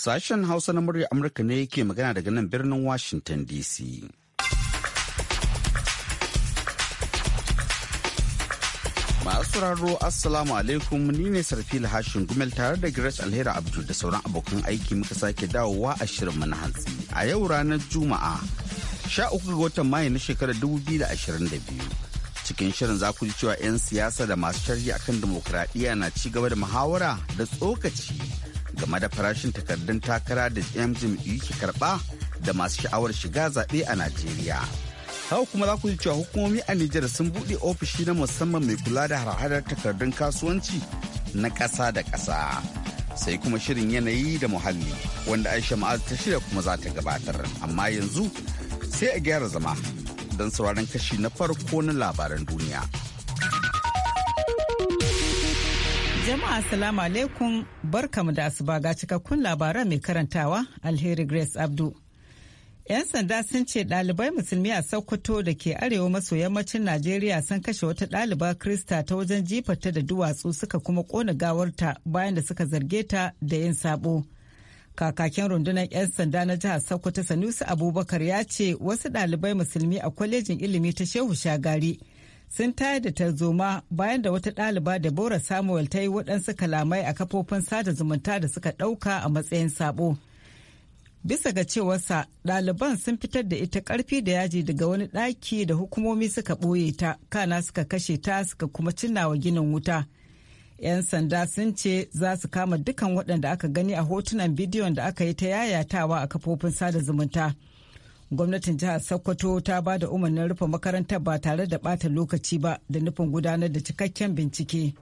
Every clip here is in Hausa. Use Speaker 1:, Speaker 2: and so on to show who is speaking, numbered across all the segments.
Speaker 1: Sashen Hausa na murya Amurka ne yake magana daga nan birnin Washington DC. Masu sauraro Assalamu alaikum ni ne Sarfil Hashin Gumel tare da Grace Alhera Abdul da sauran abokan aiki muka sake dawowa a shirinmu na hantsi. A yau ranar Juma'a, sha uku ga watan Mayu na shekarar 2022. cikin shirin za ku ji cewa 'yan siyasa da masu shari'a kan dimokuraɗiyya na ci gaba da muhawara da tsokaci game da farashin takardun takara da 'yan jam'iyyu ke karɓa da masu sha'awar shiga zaɓe a Najeriya. Haka kuma za ku ji cewa hukumomi a Nijar sun buɗe ofishi na musamman mai kula da harhadar takardun kasuwanci na ƙasa da ƙasa. Sai kuma shirin yanayi da muhalli wanda Aisha Ma'az ta shirya kuma za ta gabatar. Amma yanzu sai a gyara zama don sauraron kashi na farko na labaran duniya.
Speaker 2: Jama'a Assalamu alaikum barkamu da asuba ga cikakkun labaran mai karantawa Alheri Grace Abdu. 'Yan sanda sun ce ɗalibai musulmi a Sokoto da ke arewa maso yammacin Najeriya sun kashe wata ɗaliba Krista ta wajen jifarta da duwatsu suka kuma ƙona gawarta bayan da suka zarge ta da yin sabo. Kakakin rundunar 'yan sanda na jihar Sokoto Sanusi Abubakar ya ce wasu ɗalibai musulmi a kwalejin ilimi ta Shehu Shagari sun tayar da tarzoma bayan da wata ɗaliba Deborah Samuel ta yi waɗansu kalamai a kafofin sada zumunta da suka ɗauka a matsayin sabo. Bisa ga cewarsa, ɗaliban sun fitar da ita ƙarfi da yaji daga wani ɗaki da hukumomi suka ɓoye ta, kana suka kashe ta suka kuma cinnawa ginin wuta. 'Yan sanda sun ce za su kama dukan waɗanda aka gani a hotunan bidiyon da aka yi ta yayatawa a kafofin sada zumunta. gwamnatin jihar sokoto ta ba da umarnin rufe makarantar ba tare da bata lokaci ba da nufin gudanar da cikakken bincike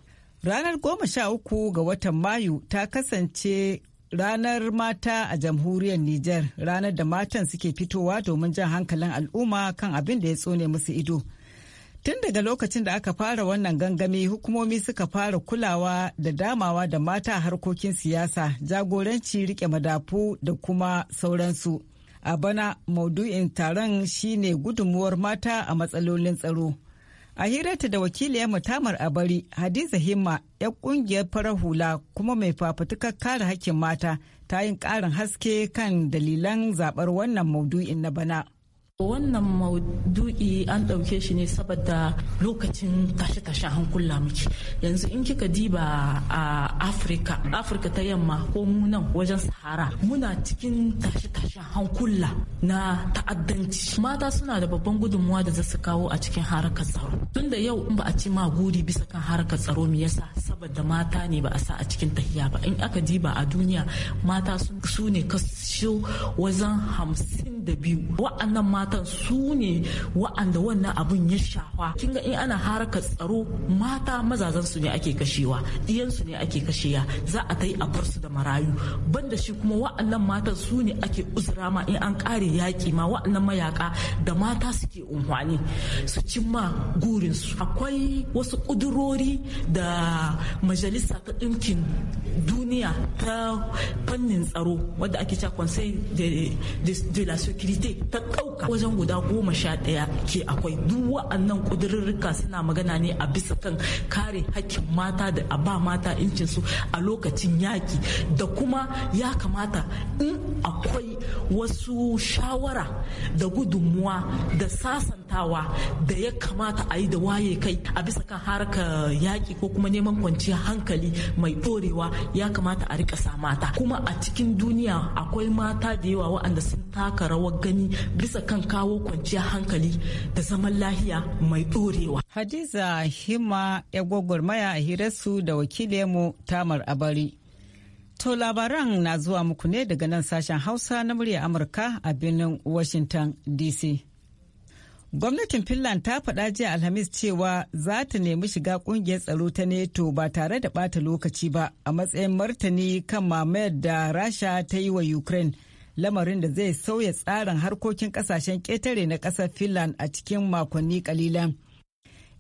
Speaker 2: ranar goma sha uku ga watan mayu ta kasance ranar mata a jamhuriyar niger ranar da matan suke fitowa domin jan hankalin al'umma kan abin da ya tsone musu ido tun daga lokacin da aka fara wannan gangami hukumomi suka fara kulawa da damawa da mata harkokin siyasa jagoranci rike madafu da kuma sauransu A bana maudu'in taron shine gudunmuwar mata a matsalolin tsaro. A hirarta da wakiliyar mutamar a bari Hadiza Himma, 'yar kungiyar farar hula kuma mai fafutukar kare hakkin mata, ta yin ƙarin haske kan dalilan zaɓar wannan maudu'in na bana. wannan maudu'i an ɗauke shi ne saboda lokacin tashe-tashen
Speaker 3: hankula muke yanzu in kika diba a afirka afirka ta yamma ko mu nan wajen sahara muna cikin tashe-tashen hankula na ta'addanci mata suna da babban gudunmuwa da zasu kawo a cikin harkar tsaro tun da yau in ba a ci ma guri bisa kan harkar tsaro me yasa saboda mata ne ba a sa a cikin tahiya ba in aka diba a duniya mata su ne kaso wajen hamsin da biyu wa'annan mata matan su ne wa'anda wannan abun ya shafa kin ga in ana harkar tsaro mata mazazan su ne ake kashewa diyan su ne ake kashewa za a tai a bar su da marayu banda shi kuma wa'annan matan su ne ake uzura ma in an kare yaki ma wa'annan mayaka da mata suke unhwani su cimma gurin su akwai wasu kudurori da majalisa ta ɗinkin duniya ta fannin tsaro wadda ake cewa conseil de la securite ta ɗauka wajen guda goma sha ɗaya ke akwai duk wa'annan ƙudurrurruka suna magana ne a bisa kan kare hakkin mata da a ba mata incinsu a lokacin yaƙi da kuma ya kamata in akwai wasu shawara da gudunmuwa da sasan mutuntawa da ya kamata a yi da waye kai a bisa kan harka yaƙi ko kuma neman kwanciyar hankali mai ɗorewa ya kamata a rika sa mata kuma a cikin duniya akwai mata da yawa waɗanda sun taka rawar gani bisa kan
Speaker 2: kawo kwanciyar hankali da zaman lahiya mai ɗorewa. Hadiza Hima ya gwagwarmaya a hirarsu da wakilinmu Tamar Abari. To labaran na zuwa muku ne daga nan sashen Hausa na murya Amurka a birnin Washington DC. Gwamnatin Finland ta faɗa jiya Alhamis cewa za ta nemi shiga ƙungiyar tsaro ta NATO ba tare da ɓata lokaci ba a matsayin martani kan mamayar da Rasha ta yi wa Ukraine, lamarin da zai sauya tsarin harkokin ƙasashen ƙetare na ƙasar Finland a cikin makonni ƙalilan.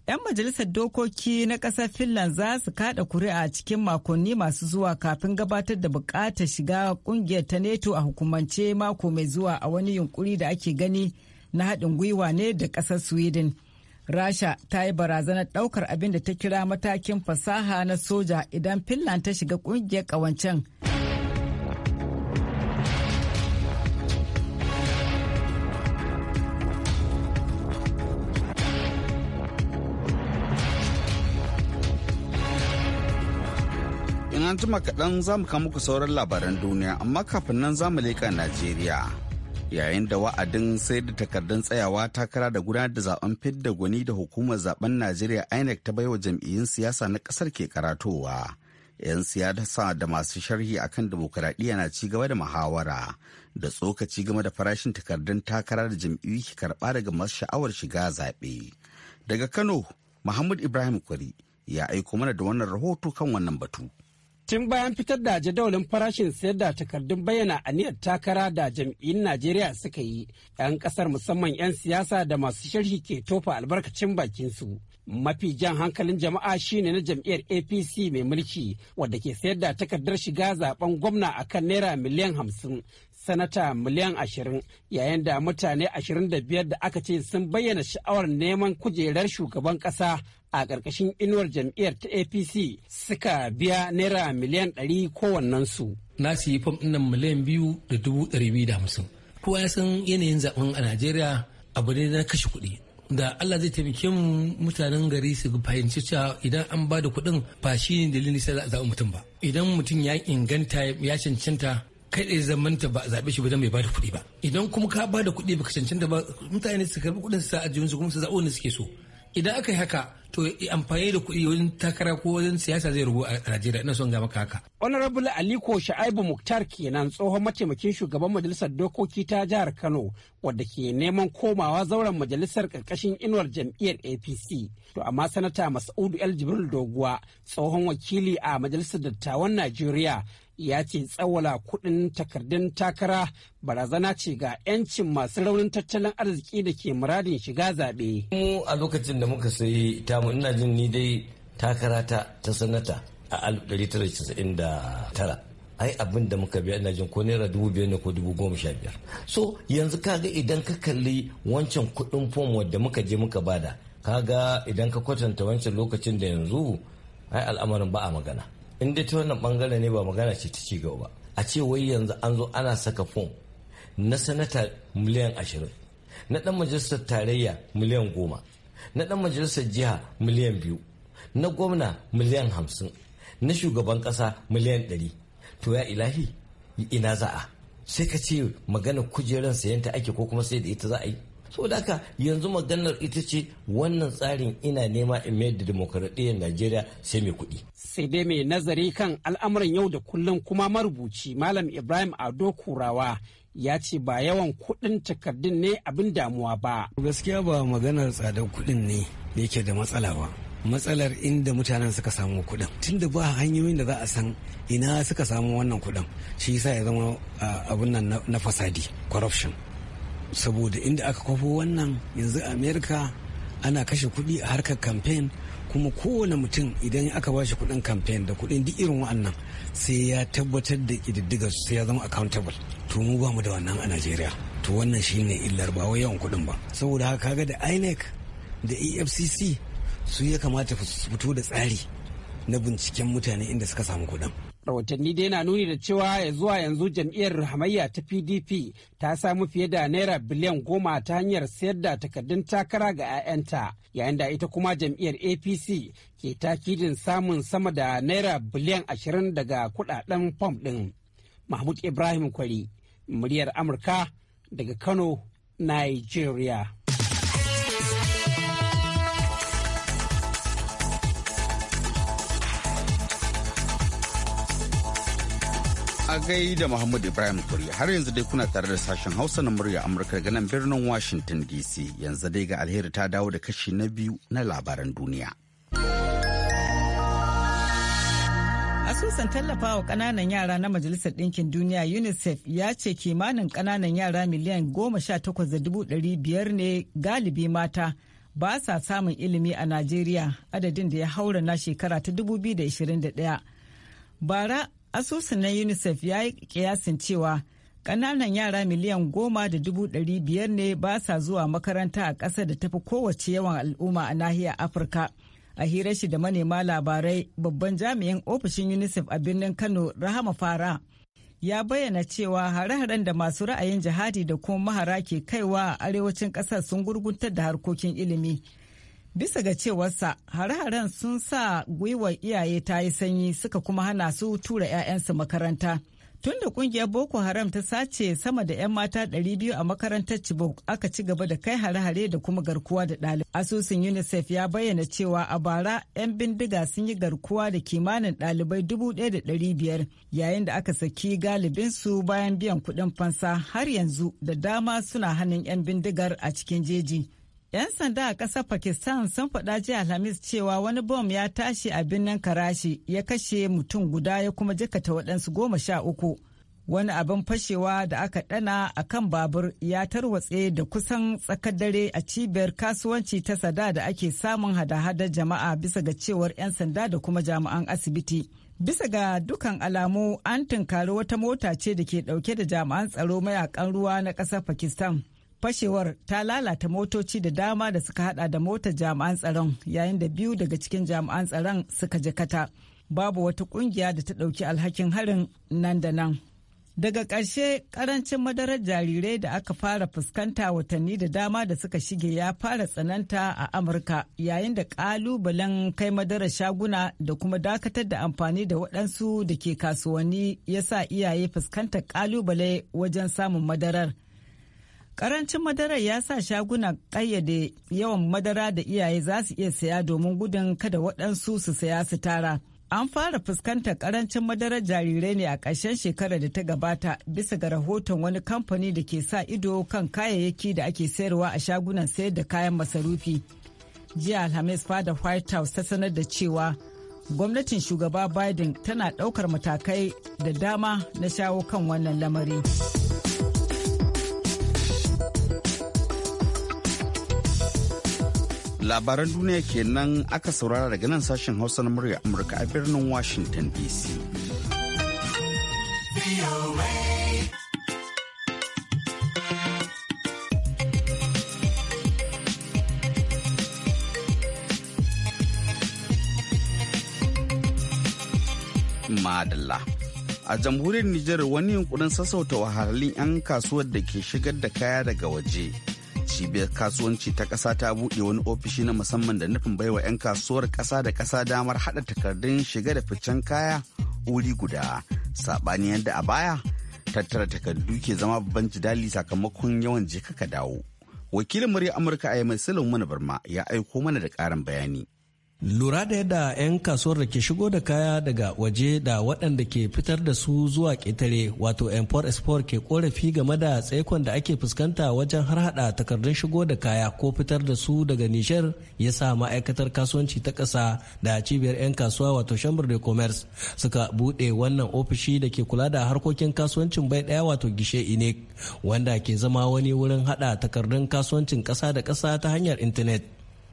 Speaker 2: 'Yan majalisar dokoki na ƙasar Finland za su kaɗa kuri'a cikin makonni masu zuwa kafin gabatar da buƙatar shiga ƙungiyar ta NATO a hukumance mako mai zuwa a wani yunkuri da ake gani. na haɗin gwiwa ne da ƙasar sweden rasha ta yi barazanar ɗaukar abin da ta kira matakin fasaha na soja idan finland ta shiga ƙungiyar ƙawancen
Speaker 1: an jima kaɗan za mu kawo muku sauran labaran duniya amma kafin nan za mu leƙa najeriya yayin da wa'adin sai da takardun tsayawa takara da gudanar da zaben fidda gwani da hukumar zaben najeriya inec ta baiwa jam'iyyun siyasa na kasar ke karatowa 'yan siyasa da masu sharhi akan demokuraɗiyya na ci gaba da muhawara da tsokaci game da farashin takardun takara da jam'iyyu ke karɓa daga masu sha'awar shiga zaɓe daga kano muhammad ibrahim kwari ya aiko mana da wannan rahoto kan wannan batu.
Speaker 4: tun bayan fitar da jadawalin farashin sayar da takardun bayyana a aniyar takara da jam'iyyun najeriya suka yi 'yan kasar musamman 'yan siyasa da masu sharhi ke tofa albarkacin bakinsu mafi jan hankalin jama'a shine na jam'iyyar apc mai mulki wadda ke sayar da takardar shiga zaben gwamna akan naira miliyan hamsin sanata miliyan ashirin yayin da mutane ashirin da biyar da aka ce sun bayyana sha'awar neman kujerar shugaban kasa a ƙarƙashin inuwar jam'iyyar ta apc suka biya naira miliyan ɗari kowannensu na siyi fam ɗinnan miliyan biyu da dubu ɗari biyu da hamsin kowa ya san yanayin zaɓen a najeriya
Speaker 5: abu ne na kashe kuɗi da allah zai taimake mu mutanen gari su fahimci cewa idan an ba da kuɗin ba shi ne dalilin sai za a zaɓi mutum ba idan mutum ya inganta ya cancanta kai da zamanta ba a zaɓe shi ba don bai ba da kuɗi ba idan kuma ka ba da kuɗi ka cancanta ba mutane su karɓi kuɗin su sa a jiyunsu kuma su zaɓe wanda suke so idan aka yi haka to amfani da kuɗi wajen takara ko wajen siyasa zai rubu a Najeriya ina son ga maka haka.
Speaker 4: Honorable Aliko sha'ibu Muktar kenan tsohon mataimakin shugaban majalisar dokoki ta jihar Kano wadda ke neman komawa zauren majalisar karkashin inuwar jam'iyyar APC. To amma sanata Mas'udu El Jibril Doguwa tsohon wakili a majalisar dattawan Najeriya ya ce tsawala kuɗin takardun takara barazana ce ga 'yancin masu raunin tattalin arziki da ke muradin shiga zaɓe.
Speaker 5: mu a lokacin da muka sayi tamu ina jin ni dai takara ta sanata a 1999 ai abin da muka biya ina jin ko naira dubu biyar ne ko dubu goma sha biyar so yanzu kaga idan ka kalli wancan kuɗin fom wadda muka je muka bada ka ga idan ka kwatanta wancan lokacin da yanzu ai al'amarin ba a magana in dai ta wannan bangare ne ba magana ce ta cigaba ba a ce wai yanzu an zo ana saka fom na sanata miliyan ashirin na dan majalisar tarayya miliyan goma na dan majalisar jiha miliyan biyu na gwamna miliyan hamsin na shugaban kasa miliyan ɗari to ya ilahi ina za'a sai ka ce magana kujeran sayanta ake ko kuma sai da ita za a yi
Speaker 4: da haka yanzu maganar ita ce wannan tsarin ina nema in mayar da demokaradiyyar najeriya sai mai kuɗi sai dai mai nazari kan al'amuran yau da kullum kuma marubuci malam ibrahim ado kurawa ya ce ba yawan kuɗin takardun ne abin damuwa ba gaskiya ba maganar tsadar kuɗin ne yake da matsala ba matsalar inda mutanen suka samu kuɗin tunda ba hanyoyin da za a san ina suka samu wannan kuɗin shi yasa ya zama ah, abun nan na fasadi corruption saboda inda aka kwafo wannan yanzu amerika ana kashe kuɗi a harkar kamfen kuma kowane mutum idan aka bashi kuɗin kamfen da kuɗin duk irin wannan sai ya tabbatar da ƙididdigar sai ya zama accountable to mu ba mu da wannan a najeriya to wannan shine illar ba wai yawan kuɗin ba saboda haka kaga da inec da efcc su ya kamata su fito da tsari na binciken mutane inda suka samu kuɗin rahotanni dai na nuni da cewa ya zuwa yanzu jam'iyyar hamayya ta pdp ta samu fiye da naira biliyan goma ta hanyar sayar da takardun takara ga 'ya'yanta yayin da ita kuma jam'iyyar apc ke takidin samun sama da naira biliyan ashirin daga kudaden fam din. mahmud ibrahim kwari muryar amurka daga kano nigeria a
Speaker 1: gaida Muhammad Ibrahim Kuri har yanzu dai kuna tare da sashen Hausa na murya Amurka daga nan birnin Washington DC yanzu dai ga alheri ta dawo da kashi na biyu na labaran duniya.
Speaker 2: Asusun wa kananan yara na Majalisar Ɗinkin Duniya UNICEF ya ce kimanin kananan yara miliyan goma sha takwas da dubu ɗari biyar ne galibi mata ba sa samun ilimi a Najeriya adadin da ya haura na shekara ta dubu biyu da ishirin da ɗaya. Bara asusun na unicef ya yi kiyasin cewa ƙananan yara miliyan goma da dubu ɗari biyar ne ba sa zuwa makaranta a ƙasa da tafi kowace yawan al'umma a nahiyar afirka a hira shi da manema labarai babban jami'in ofishin unicef a birnin kano rahama fara ya bayyana cewa hare-haren da masu ra'ayin jihadi da kuma mahara ke kaiwa a arewacin ƙasar sun gurguntar da harkokin ilimi bisa ga cewarsa hare-haren sun sa gwiwar iyaye ta yi sanyi suka kuma hana su tura 'ya'yansu makaranta tunda da kungiyar boko haram ta sace sama da 'yan mata 200 a makarantar chibok aka ci gaba da kai hare-hare da kuma garkuwa da ɗalibai asusun unicef ya bayyana cewa a bara 'yan bindiga sun yi garkuwa da kimanin ɗalibai 1,500 yayin da aka saki galibinsu bayan biyan kuɗin fansa har yanzu da dama suna hannun 'yan bindigar a cikin jeji 'Yan sanda a ƙasar Pakistan sun faɗa jiya Alhamis cewa wani bom ya tashi a birnin Karashi ya kashe mutum guda ya kuma jikata waɗansu goma sha uku. Wani abin fashewa da aka ɗana a kan babur ya tarwatse da kusan tsakar dare a cibiyar kasuwanci ta sada da ake samun hada-hadar jama'a bisa ga cewar 'yan sanda da kuma jami'an asibiti. Bisa ga dukan alamu an tunkari wata mota ce da ke ɗauke da jami'an tsaro mayakan ruwa na ƙasar Pakistan. fashewar ta lalata motoci da dama da suka hada da motar jami'an tsaron yayin da biyu daga cikin jami'an tsaron suka jakata babu wata kungiya da ta dauki alhakin harin nan da nan daga ƙarshe karancin madarar jarirai da aka fara fuskanta watanni da dama da suka shige ya fara tsananta a amurka yayin da ƙalubalen kai madarar shaguna da kuma dakatar da amfani da waɗansu da ke kasuwanni ya sa iyaye fuskantar ƙalubale wajen samun madarar. Karancin madara ya sa shaguna ƙayyade yawan madara da iyaye za su iya saya domin gudun kada waɗansu su saya su tara. An fara fuskantar karancin madarar jarirai ne a ƙarshen shekarar da ta gabata bisa ga rahoton wani kamfani da ke sa ido kan kayayyaki da ake sayarwa a shagunan sayar da kayan masarufi. Jiya Alhamis fada White House ta sanar da cewa gwamnatin shugaba Biden tana ɗaukar matakai da dama na shawo kan wannan lamari.
Speaker 1: labaran duniya kenan aka saurara daga nan sashen hausa na murya amurka a birnin washington dc madalla a jamhuriyar nijar wani yunkurin sassauta wahalhalun 'yan kasuwar da ke shigar da kaya daga waje cibiyar kasuwanci ta ƙasa ta buɗe wani ofishi na musamman da nufin baiwa 'yan kasuwar ƙasa da kasa damar haɗa takardun shiga da ficen kaya wuri guda saɓani yadda a baya tattara takardu ke zama babban jidali sakamakon yawan jikaka ka dawo wakilin murya amurka a yamai mana barma ya aiko mana da ƙarin bayani Lura da
Speaker 5: yadda 'yan kasuwar da ke shigo da kaya daga waje da waɗanda ke fitar da su zuwa ƙetare wato import export ke korafi game da tsaikon da ake fuskanta wajen har hada takardun shigo da kaya ko fitar da su daga nishar ya sa ma'aikatar kasuwanci ta ƙasa da cibiyar 'yan kasuwa wato Chamber de Commerce suka buɗe wannan ofishi da ke kula da harkokin kasuwancin bai ɗaya wato gishe inek wanda ke zama wani wurin hada takardun kasuwancin ƙasa da ƙasa ta hanyar intanet.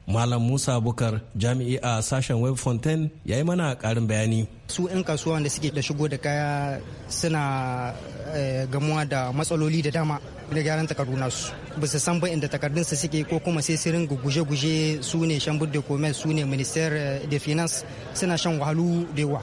Speaker 5: Malam Musa Bukar jami'i a sashen Web Fontaine ya yi mana karin bayani.
Speaker 6: Su 'yan kasuwa da suke da shigo da kaya suna eh, gamuwa da matsaloli da dama da gyaran takardu nasu. Ba su san ba inda takardun takardunsu suke ko kuma sai sirin guje-guje su ne shan de komen su ne minister eh, de Finance suna shan wahalu da yawa.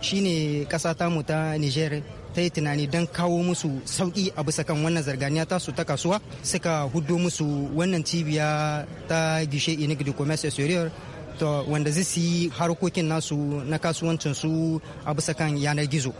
Speaker 6: Shine ƙasa tamu ta Nijeriya. ta yi tunani don kawo musu sauki a bisa kan wannan zarganiya tasu ta kasuwa suka hudo musu wannan cibiya ta gishe inig de commerce exterior to wanda zai su yi harkokin nasu na kasuwancinsu a bisa kan yanar gizo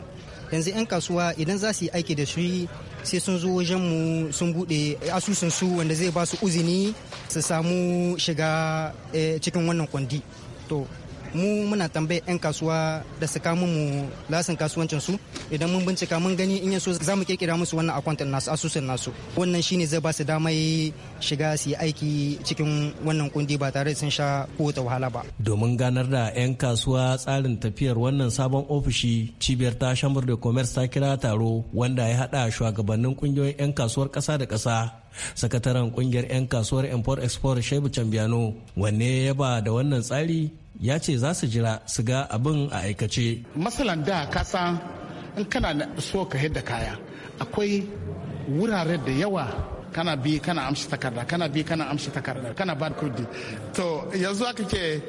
Speaker 6: yanzu 'yan kasuwa idan za su yi aiki da shi sai sun zo wajen mu sun bude asusunsu wanda zai ba su uzini su samu shiga eh, cikin wannan kwandi to mu muna tambaye 'yan kasuwa da su kama mu lasin kasuwancin su idan mun bincika mun gani in yaso za mu kirkira musu wannan akwantin nasu asusun nasu wannan shine zai ba su damai shiga su yi aiki cikin wannan kundi ba tare da sun sha kowace wahala ba
Speaker 5: domin ganar da 'yan kasuwa tsarin tafiyar wannan sabon ofishi cibiyar ta shambar da commerce ta kira taro wanda ya hada shugabannin kungiyoyin 'yan kasuwar kasa da kasa sakataren kungiyar 'yan kasuwar import export shaibu cambiano wanne ya ba da wannan tsari ya ce za su
Speaker 1: jira su ga abin a
Speaker 5: aikace.
Speaker 1: Masalan da ka san in kana so ka hidda kaya akwai wurare da yawa kana bi kana amshi takarda kana bi kana amshi takarda kana bad kudi to yanzu aka ke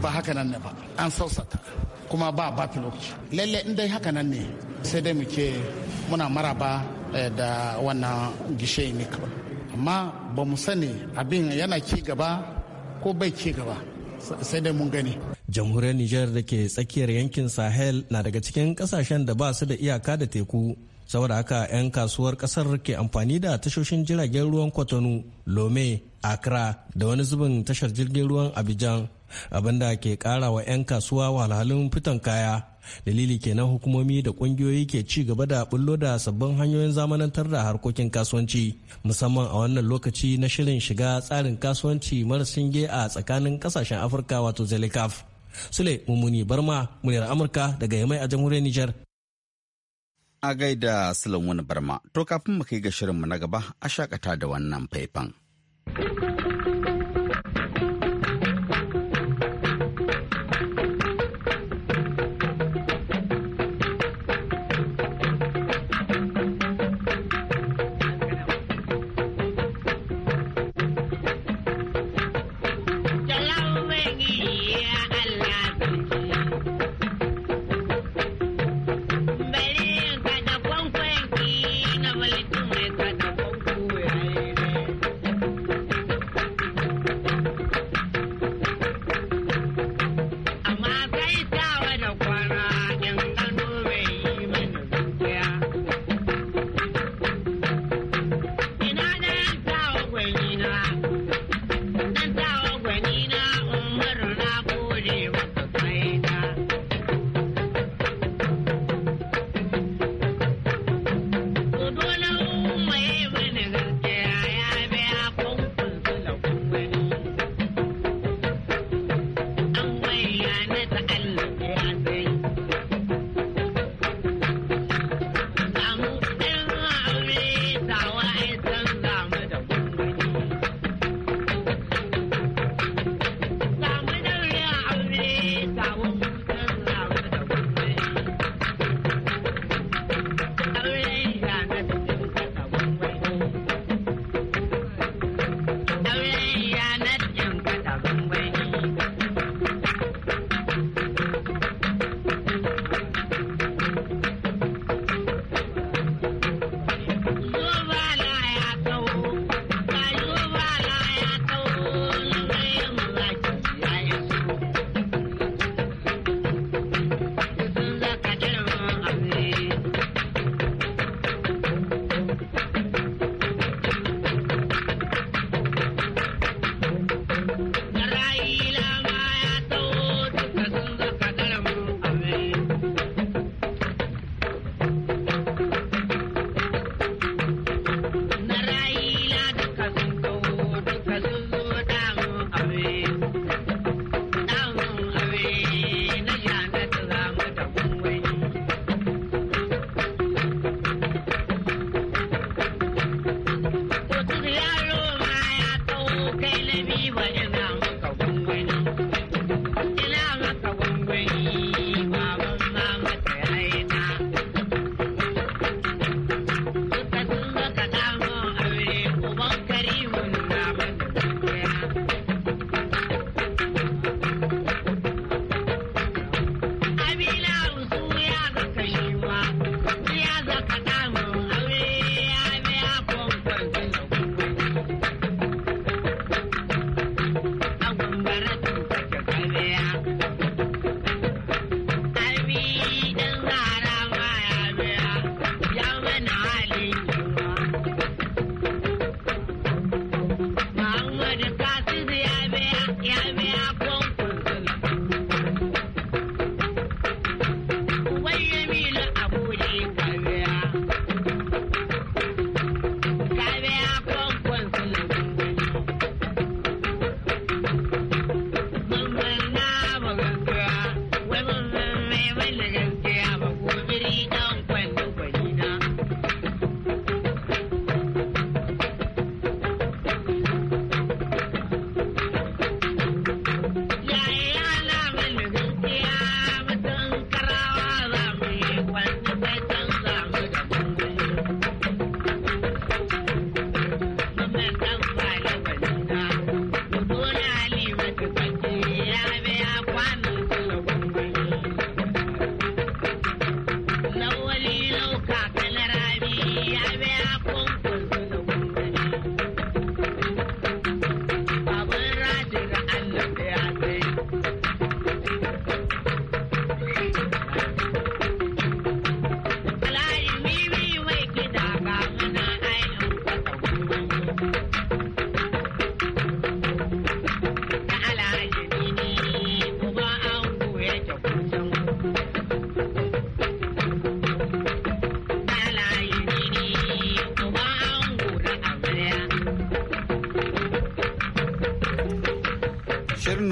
Speaker 1: ba haka nan ne ba an sausata kuma ba ba lokaci lalle in dai haka nan ne sai dai mu ke muna maraba eh, da wannan gishe ne kawai amma ba mu sani abin yana ci gaba ko bai ci gaba sai dai mun gani jamhuriyar
Speaker 5: Nijar da ke tsakiyar yankin sahel na daga cikin kasashen da ba su da iyaka da teku saboda haka 'yan kasuwar kasar ke amfani da tashoshin jiragen ruwan kwatano lome accra da wani zubin tashar jirgin ruwan abidjan abinda ke kara wa 'yan kasuwa walhalin fitan kaya dalili kenan hukumomi da kungiyoyi ke ci gaba da bullo da sabbin hanyoyin zamanantar da harkokin kasuwanci musamman a wannan lokaci na shirin shiga tsarin kasuwanci mara singe a tsakanin kasashen afirka wato zelikaf sule mummuni barma muryar amurka daga yamai a jamhuriyar niger
Speaker 1: a gaida wani barma to kafin mu kai ga shirinmu na gaba a shakata da wannan faifan.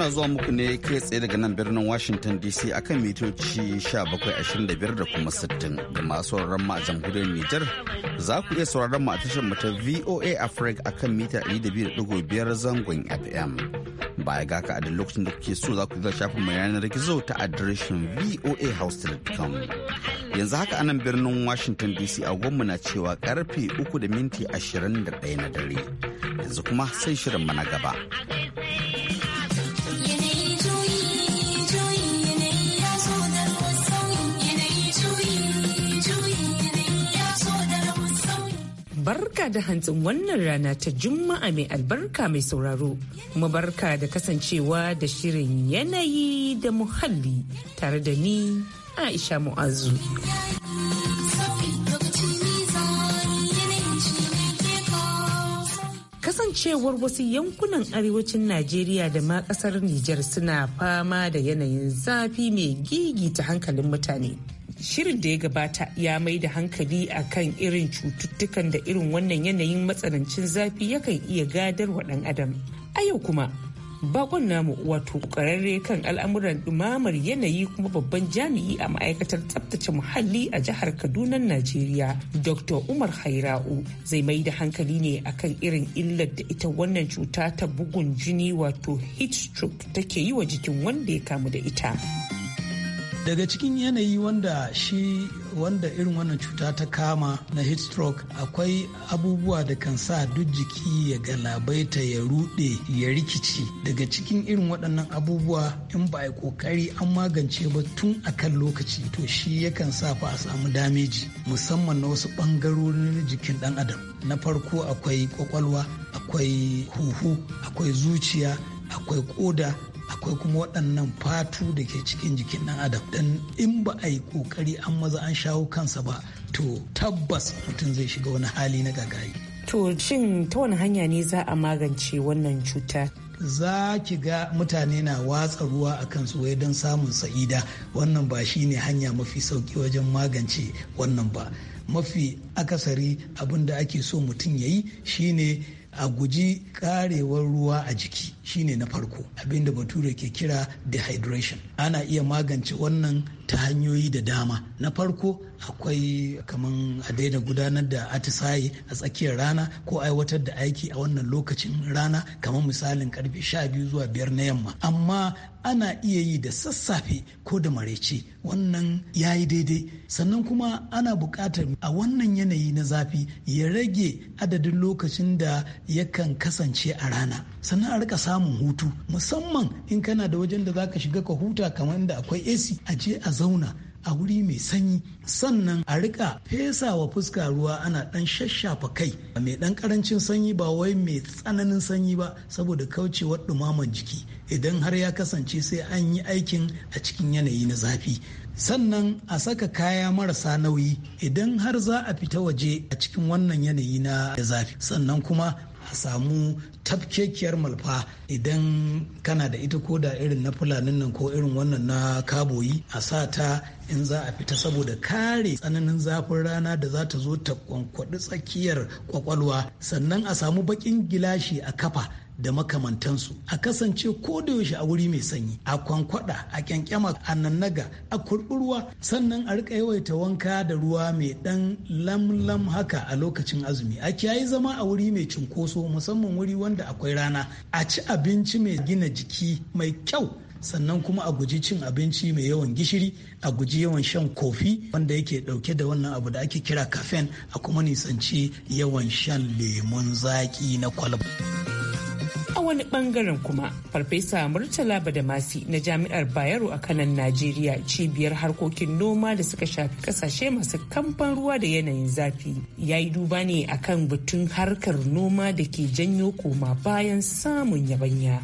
Speaker 1: muna zuwa muku ne kai tsaye daga nan birnin Washington DC akan mitoci 1725 da kuma 60 ga masu sauraron mu a jamhuriyar Nijar. Za ku iya sauraron mu a tashar mu ta VOA Africa akan mita 200.5 zangon FM. Baya ga ka a duk lokacin da kuke so za ku zuwa shafin mu yanar gizo ta adireshin voahouse.com. Yanzu haka anan birnin Washington DC agonmu na cewa karfe 3 da minti 21 na dare. Yanzu kuma sai shirin mana gaba.
Speaker 7: barka da hantsin wannan rana ta Juma'a mai albarka mai sauraro. kuma barka da kasancewa da shirin yanayi da muhalli tare da ni Aisha Mu'azu. kasancewar wasu yankunan arewacin Najeriya da ma kasar Nijar suna fama da yanayin zafi mai ta hankalin mutane. shirin da ya gabata ya mai da hankali a kan irin cututtukan da irin wannan yanayin matsanancin zafi yakan iya gadar wa ɗan adam a yau kuma bakon namu wato ƙwararre kan al'amuran ɗumamar yanayi kuma babban jami'i a ma'aikatar tsaftace muhalli a jihar kaduna najeriya dr umar haira'u zai mai da hankali ne akan irin illar da ita wannan cuta ta bugun jini wato heat stroke take yi wa jikin wanda ya kamu da ita.
Speaker 8: daga cikin yanayi wanda shi wanda irin wannan cuta ta kama na heat stroke akwai abubuwa da kan sa duk jiki ya galabaita ya rude ya rikici daga cikin irin waɗannan abubuwa in ba a yi ƙoƙari an magance ba tun a kan lokaci to shi yakan sa fa a samu dameji musamman na wasu ɓangarorin jikin ɗan adam na farko akwai ƙwaƙwalwa akwai huhu akwai zuciya akwai ƙoda akwai kuma waɗannan fatu da ke cikin jikin ɗan adam dan in ba a yi ƙoƙari an maza an shawo kansa ba to tabbas mutum zai shiga wani hali na gagari
Speaker 7: To shin ta wani hanya ne za a magance
Speaker 8: wannan cuta? Za ki ga mutane na watsa ruwa a kansu wai don samun sa'ida wannan ba shi ne hanya mafi sauki wajen magance wannan ba. Mafi akasari abin da ake so mutum ya yi shine a guji karewar ruwa a jiki. shine na farko abinda bature ke kira dehydration ana iya magance wannan ta hanyoyi da dama na farko akwai kaman a daina gudanar da atisaye a tsakiyar rana ko aiwatar da aiki a wannan lokacin rana kamar misalin karfe biyu zuwa biyar na yamma amma ana iya yi da sassafe ko da marece wannan ya yi daidai sannan kuma ana buƙatar a wannan yanayi na zafi ya rage adadin lokacin da yakan kasance a rana sannan a rika samun hutu musamman in kana da wajen da zaka shiga ka huta kamar da akwai AC a je a zauna a wuri mai sanyi sannan a rika fesa wa fuska ruwa ana dan shashafa kai mai dan karancin sanyi ba wai mai tsananin sanyi ba saboda kaucewar dumaman jiki idan har ya kasance sai an yi aikin a cikin yanayi na zafi sannan a saka kaya marasa nauyi idan har za a fita waje a cikin wannan yanayi na zafi sannan kuma a samu tafkekiyar malfa idan kana da ita ko da irin na fulanin nan ko irin wannan na kaboyi a sa ta in za a fita saboda kare tsananin zafin rana da za ta zo ta kwankwaɗi tsakiyar kwakwalwa sannan a samu baƙin gilashi a kafa da makamantansu a kasance ko da yaushe a wuri mai sanyi a kwankwada a kyankyama a nannaga a kurburwa sannan a rika yawaita wanka da ruwa mai dan lamlam haka a lokacin azumi a kiyayi zama a wuri mai cunkoso musamman wuri wanda akwai rana a ci abinci mai gina jiki mai kyau sannan kuma a guji cin abinci mai yawan gishiri a guji yawan shan kofi wanda yake dauke da wannan abu da ake kira caffeine a kuma nisanci yawan shan lemun zaki na kwalba.
Speaker 7: a wani bangaren kuma farfesa murtala badamasi na jami'ar bayero a kanan najeriya cibiyar harkokin noma da suka shafi kasashe masu kamfan ruwa da yanayin zafi ya yi duba ne akan batun harkar noma da ke janyo koma bayan samun yabanya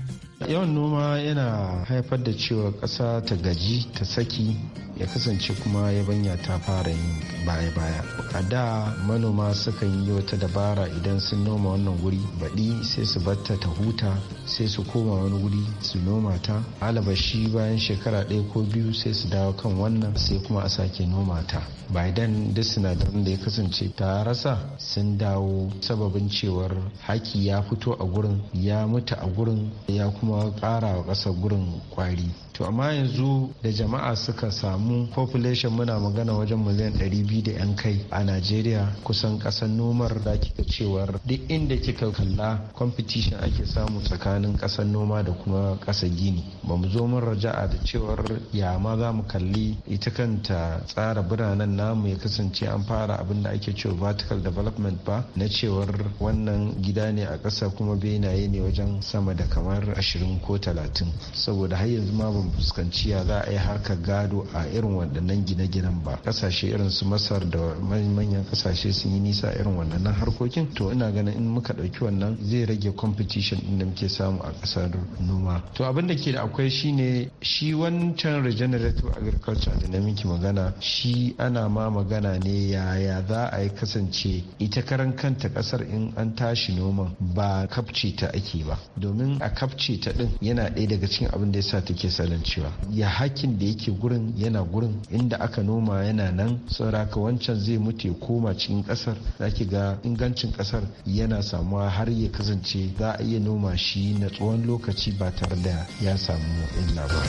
Speaker 9: yawan noma yana haifar da cewa ƙasa ta gaji ta saki ya kasance kuma ya banya ta fara yin baya-baya a da manoma sukan yi wata dabara idan sun noma wannan wuri baɗi sai su batta ta huta sai su koma wani wuri su noma ta alabashi bayan shekara ɗaya ko biyu sai su dawo kan wannan sai kuma a sake noma ta idan duk sinadarin da ya kasance ta rasa sun dawo sababin cewar haki ya fito a gurin ya mutu a gurin ya kuma kuma ƙara wa ƙasa gurin kwari to amma yanzu da jama'a suka samu population muna magana wajen miliyan 200 da 'yan kai a najeriya kusan kasan nomar da kika cewar duk inda kika kalla competition ake samu tsakanin kasan noma da kuma kasa gini ba mu zo mun raja'a da cewar ya ma za mu kalli ita kanta tsara biranen namu ya kasance an fara abin da ake cewa vertical development ba na cewar wannan gida ne a ƙasa kuma benaye ne wajen sama da kamar ashirin ko talatin saboda har yanzu ma ba mu fuskanci ya za a yi harkar gado a irin waɗannan gine-ginen ba kasashe irin su masar da manyan kasashe sun yi nisa irin waɗannan harkokin to ina ganin in muka ɗauki wannan zai rage competition din da muke samu a ƙasar noma to abin da ke da akwai shine shi wancan regenerative agriculture da na miki magana shi ana ma magana ne yaya za a yi kasance ita karan kanta ƙasar in an tashi noman ba kafce ta ake ba domin a kafce ta ɗin yana ɗaya daga cikin abin da ya sa take salin cewa ya hakin da yake gurin yana gurin inda aka noma yana nan ka wancan zai mutu ya koma cikin kasar zaki ga ingancin kasar yana samuwa har ya kasance za a iya noma shi na tsawon lokaci ba tare da ya samu illa ba.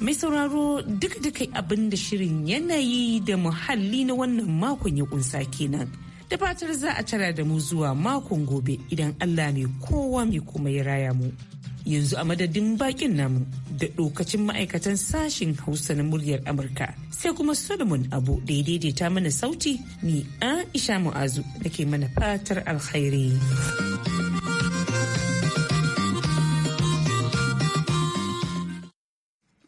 Speaker 7: Mai sauraro duk duka abin da shirin yanayi da muhalli na wannan makon ya kunsa kenan. Da fatar za a tara da mu zuwa makon gobe idan Allah mai kowa mai kuma ya raya mu. yanzu a madadin bakin namu da dokacin ma'aikatan sashen hausa na muryar amurka sai kuma solomon abu da ya daidaita mana sauti ni aisha mu'azu da ke mana fatar alkhairi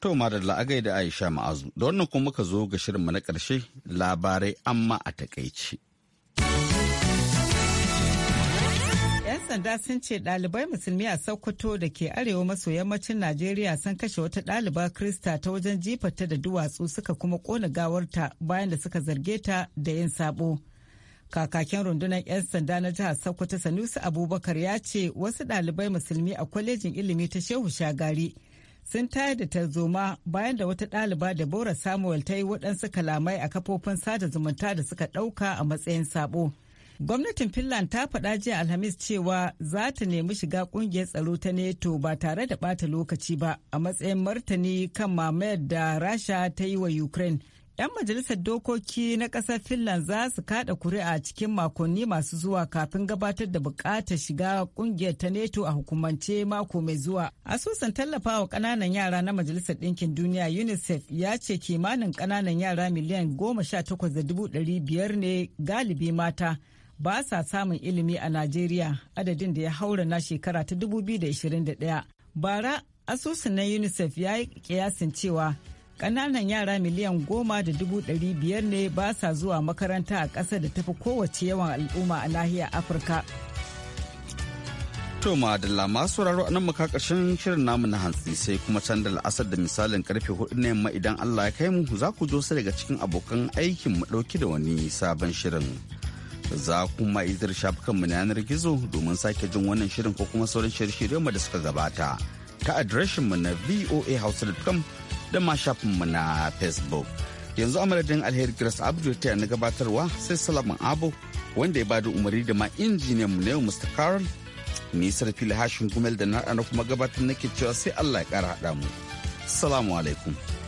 Speaker 1: To da la'agai da Aisha Ma'azu, da wannan kuma muka zo ga shirinmu na ƙarshe labarai amma a takaici.
Speaker 2: sanda sun ce ɗalibai musulmi a Sokoto da ke arewa maso yammacin Najeriya sun kashe wata ɗaliba Krista ta wajen jifarta da duwatsu suka kuma ƙona gawarta bayan da suka zarge ta da yin sabo. Kakakin rundunar 'yan sanda na jihar Sokoto Sanusi Abubakar ya ce wasu ɗalibai musulmi a kwalejin ilimi ta Shehu Shagari sun tayar da tarzoma bayan da wata ɗaliba da Bora Samuel ta yi waɗansu kalamai a kafofin sada zumunta da suka ɗauka a matsayin sabo. Gwamnatin Finland ta faɗa jiya Alhamis cewa za ta nemi shiga ƙungiyar tsaro ta NATO ba tare da ɓata lokaci ba a matsayin martani kan mamayar da Rasha ta yi wa Ukraine. 'Yan majalisar dokoki na ƙasar Finland za su kaɗa kuri'a cikin makonni masu zuwa kafin gabatar da buƙatar shiga ƙungiyar ta NATO a hukumance mako mai zuwa. Asusun tallafawa ƙananan yara na Majalisar Ɗinkin Duniya UNICEF ya ce kimanin ƙananan yara miliyan 18,500 ɗari biyar ne galibi mata. ba sa samun ilimi a Najeriya adadin da ya haura na shekara ta 2021. Bara asusun na UNICEF ya yi kiyasin cewa ƙananan yara miliyan goma da dubu dari biyar ne ba sa zuwa makaranta a ƙasa da tafi kowace yawan al'umma a nahiyar Afirka.
Speaker 1: To madalla masu sauraro nan muka karshen shirin namu na hantsi sai kuma can da la'asar da misalin karfe hudu na yamma idan Allah ya kai mu za ku jo daga cikin abokan aikin mu dauki da wani sabon shirin. za kuma izar shafukanmu na yanar gizo domin sake jin wannan shirin ko kuma sauran shirye-shiryenmu da suka gabata ta adireshinmu na voahouse.com da ma shafinmu na facebook yanzu amaradin alheri grace abdu ta na gabatarwa sai salamun abu wanda ya bada umarni da ma injiniyan mu na yau mr carol nisar sarfi lahashin gumel da na kuma gabatar nake cewa sai allah ya kara haɗa mu salamu alaikum